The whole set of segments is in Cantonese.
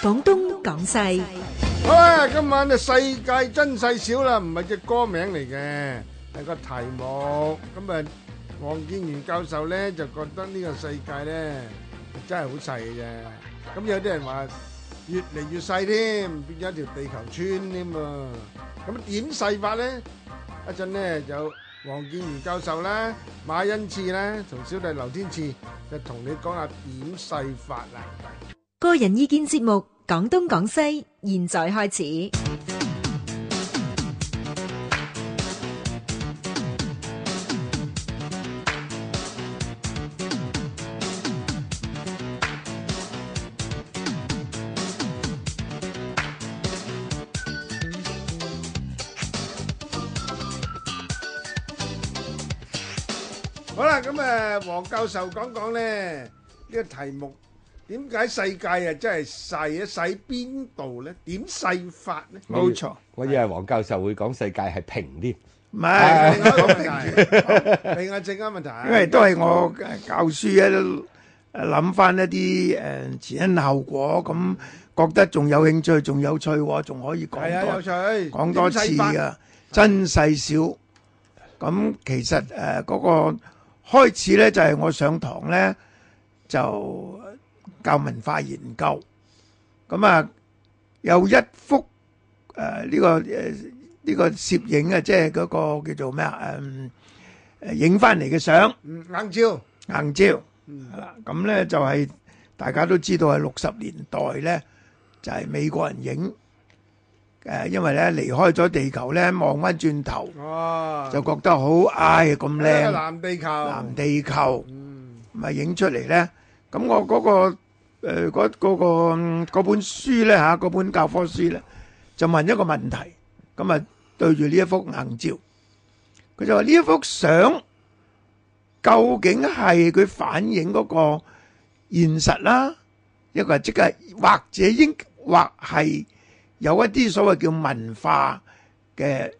廣東講細，好啊！今晚啊，世界真細小啦，唔係隻歌名嚟嘅，係個題目。咁啊，王建元教授咧就覺得呢個世界咧真係好細嘅啫。咁有啲人話越嚟越細添，變咗條地球村添啊！咁點細法咧？一陣咧就王建元教授啦，馬恩賜啦，同小弟劉天賜就同你講下點細法啦。個人意見節目，講東講西，現在開始。好啦，咁誒，王教授講講咧呢個題目。點解世界啊？真係細啊！細邊度咧？點細法咧？冇錯，我以為黃教授會講世界係平啲，唔係另外一個平住，另外正嘅問題。因為都係我教書咧，諗翻一啲誒前因後果，咁覺得仲有興趣，仲有趣，我仲可以講多講多次啊！真細小咁，其實誒嗰個開始咧，就係我上堂咧就。教文化研究，咁啊有一幅誒呢個誒呢個攝影啊，即係嗰個叫做咩啊誒影翻嚟嘅相，硬照硬照係啦。咁咧就係大家都知道係六十年代咧就係美國人影誒，因為咧離開咗地球咧望翻轉頭，就覺得好唉咁靚，藍，地球藍地球咪影出嚟咧，咁我嗰個。誒、呃，嗰嗰、那個那本書咧吓，啊、那本教科書咧，就問一個問題，咁啊，對住呢一幅硬照，佢就話呢一幅相究竟係佢反映嗰個現實啦，一個即係或者應或係有一啲所謂叫文化嘅誒、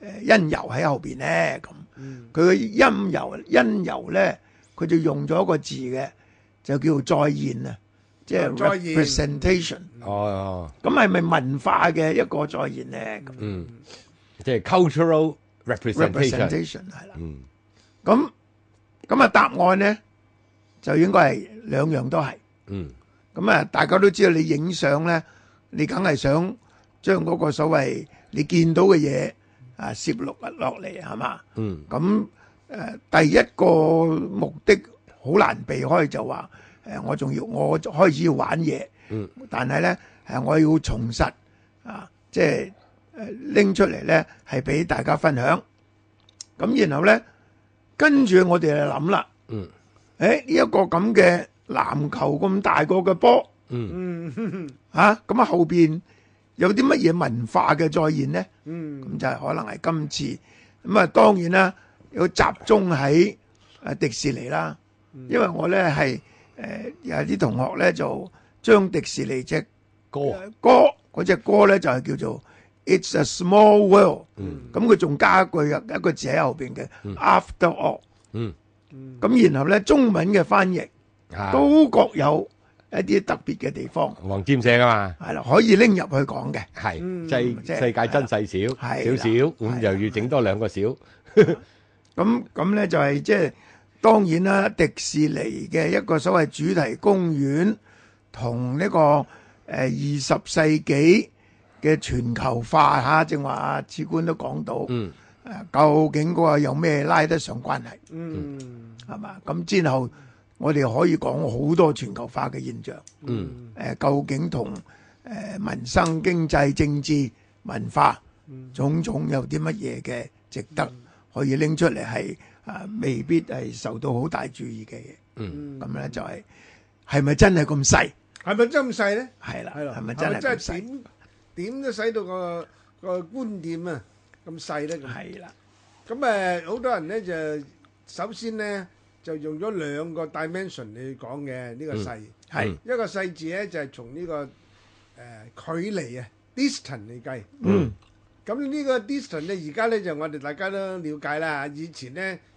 呃、因由喺後邊咧，咁佢嘅因由因由咧，佢就用咗一個字嘅，就叫再現啊。即係 representation，哦，咁係咪文化嘅一個再現咧？嗯，即係 cultural representation 係啦。嗯，咁咁啊答案咧就應該係兩樣都係。嗯，咁啊大家都知道你影相咧，你梗係想將嗰個所謂你見到嘅嘢啊攝錄落嚟係嘛？嗯，咁誒第一個目的好難避開就話。誒，我仲要我開始要玩嘢、嗯，但係咧誒，我要重實啊，即係誒拎出嚟咧，係俾大家分享。咁然後咧，跟住我哋就諗啦，誒、嗯、呢、欸、一個咁嘅籃球咁大個嘅波，嚇、嗯、咁啊後邊有啲乜嘢文化嘅再現咧？咁、嗯、就係可能係今次咁啊。當然啦，要集中喺誒迪士尼啦，因為我咧係。是誒有啲同學咧，就將迪士尼隻歌歌嗰隻歌咧，就係叫做 It's a small world。嗯，咁佢仲加一句啊，一個字喺後邊嘅 After all。嗯，咁然後咧，中文嘅翻譯都各有一啲特別嘅地方。黃霑寫啊嘛，係啦，可以拎入去講嘅。係，世世界真細小小小，咁又要整多兩個小。咁咁咧就係即係。當然啦，迪士尼嘅一個所謂主題公園，同呢、這個誒二十世紀嘅全球化嚇，正、啊、話啊，次官都講到，誒、嗯啊、究竟嗰個有咩拉得上關係？嗯，係嘛？咁之後我哋可以講好多全球化嘅現象。嗯，誒、啊、究竟同誒、呃、民生、經濟、政治、文化，種種有啲乜嘢嘅值得可以拎出嚟係？啊，未必係受到好大注意嘅嘢。嗯，咁咧就係係咪真係咁細？係咪真咁細咧？係啦，係咪真係細？點點都使到個個觀點啊咁細咧咁？係啦。咁誒，好多人咧就首先咧就用咗兩個 dimension 嚟講嘅呢個細，係一個細字咧就係從呢個誒距離啊，distance 嚟計。嗯。咁呢個 distance 咧，而家咧就我哋大家都瞭解啦。以前咧。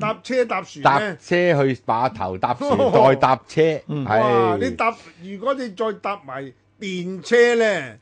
搭車、搭船、搭車，去碼頭搭船再搭車，哦，你搭，如果你再搭埋電車呢。